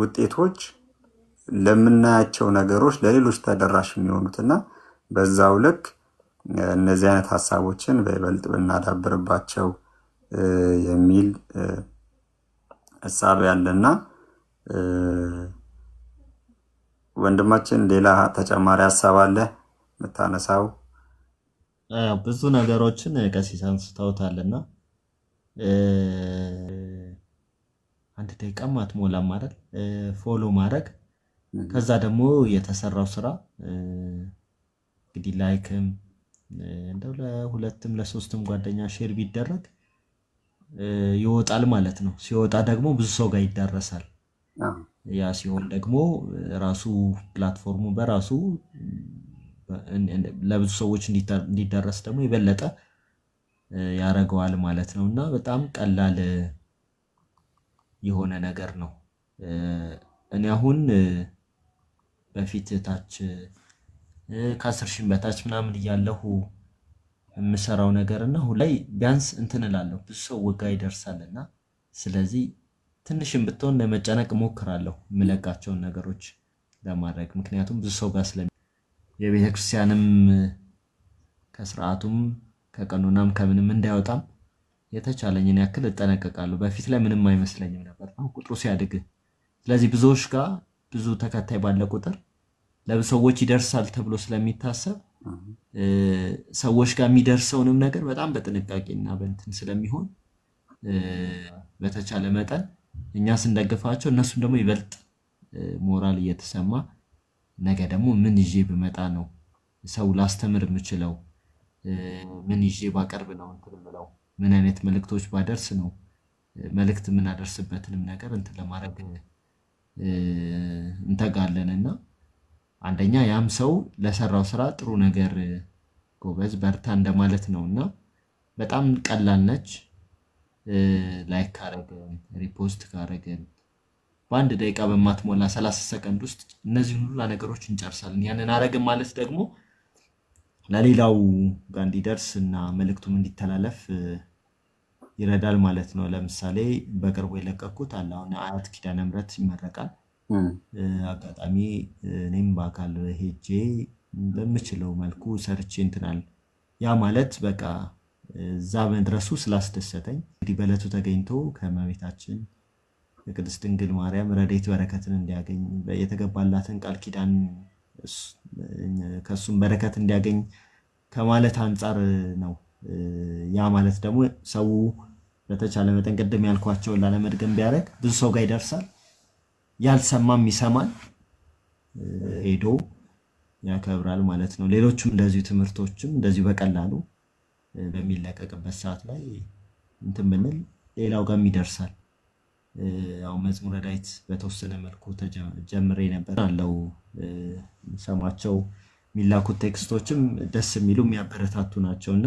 ውጤቶች ለምናያቸው ነገሮች ለሌሎች ተደራሽ የሚሆኑትና በዛው ልክ እነዚህ አይነት ሀሳቦችን በይበልጥ ብናዳብርባቸው የሚል ሀሳብ ያለና ወንድማችን ሌላ ተጨማሪ ሀሳብ አለ የምታነሳው? ብዙ ነገሮችን ቀሲስ አንስተውታልና አንድ ደቂቃም አትሞላም ማድረግ ፎሎ ማድረግ ከዛ ደግሞ የተሰራው ስራ እንግዲህ ላይክም እንደው ለሁለትም ለሶስትም ጓደኛ ሼር ቢደረግ ይወጣል ማለት ነው። ሲወጣ ደግሞ ብዙ ሰው ጋር ይዳረሳል። ያ ሲሆን ደግሞ ራሱ ፕላትፎርሙ በራሱ ለብዙ ሰዎች እንዲዳረስ ደግሞ የበለጠ ያደርገዋል ማለት ነው እና በጣም ቀላል የሆነ ነገር ነው። እኔ አሁን በፊት ታች ከአስር ሺህ በታች ምናምን እያለሁ የምሰራው ነገር እና አሁን ላይ ቢያንስ እንትን እላለሁ ብዙ ሰው ወጋ ይደርሳል እና ስለዚህ ትንሽም ብትሆን ለመጨነቅ ሞክራለሁ የምለቃቸውን ነገሮች ለማድረግ ምክንያቱም ብዙ ሰው ጋር ስለሚ የቤተ ክርስቲያንም ከስርዓቱም ከቀኖናም ከምንም እንዳይወጣም የተቻለኝን ያክል እጠነቀቃለሁ። በፊት ላይ ምንም አይመስለኝም ነበር። ቁጥሩ ሲያድግ ስለዚህ ብዙዎች ጋር ብዙ ተከታይ ባለ ቁጥር ለሰዎች ይደርሳል ተብሎ ስለሚታሰብ ሰዎች ጋር የሚደርሰውንም ነገር በጣም በጥንቃቄና በእንትን ስለሚሆን በተቻለ መጠን እኛ ስንደግፋቸው እነሱም ደግሞ ይበልጥ ሞራል እየተሰማ ነገ ደግሞ ምን ይዤ ብመጣ ነው ሰው ላስተምር የምችለው? ምን ይዤ ባቀርብ ነው እንትን ብለው ምን አይነት መልእክቶች ባደርስ ነው መልእክት የምናደርስበትንም ነገር እንትን ለማድረግ እንተጋለን እና አንደኛ ያም ሰው ለሰራው ስራ ጥሩ ነገር ጎበዝ በርታ እንደማለት ነው እና በጣም ቀላል ነች። ላይክ ካረገን ሪፖስት ካረግን በአንድ ደቂቃ በማትሞላ ሰላሳ ሰከንድ ውስጥ እነዚህን ሁላ ነገሮች እንጨርሳለን። ያንን አረግን ማለት ደግሞ ለሌላው ጋር እንዲደርስ እና መልእክቱም እንዲተላለፍ ይረዳል ማለት ነው። ለምሳሌ በቅርቡ የለቀኩት አለ አሁን አያት ኪዳነ ምሕረት ይመረቃል። አጋጣሚ እኔም በአካል ሄጄ በምችለው መልኩ ሰርቼ እንትናል። ያ ማለት በቃ እዛ መድረሱ ስላስደሰተኝ እንግዲህ በዕለቱ ተገኝቶ ከመቤታችን የቅድስት ድንግል ማርያም ረዴት በረከትን እንዲያገኝ የተገባላትን ቃል ኪዳን ከእሱም በረከት እንዲያገኝ ከማለት አንጻር ነው። ያ ማለት ደግሞ ሰው በተቻለ መጠን ቅድም ያልኳቸውን ላለመድገም ቢያደርግ ብዙ ሰው ጋር ይደርሳል። ያልሰማም ይሰማል፣ ሄዶ ያከብራል ማለት ነው። ሌሎችም እንደዚሁ ትምህርቶችም እንደዚሁ በቀላሉ በሚለቀቅበት ሰዓት ላይ እንትን ብንል ሌላው ጋርም ይደርሳል። ያው መዝሙረ ዳዊት በተወሰነ መልኩ ጀምሬ ነበር አለው ሰማቸው የሚላኩት ቴክስቶችም ደስ የሚሉ የሚያበረታቱ ናቸውና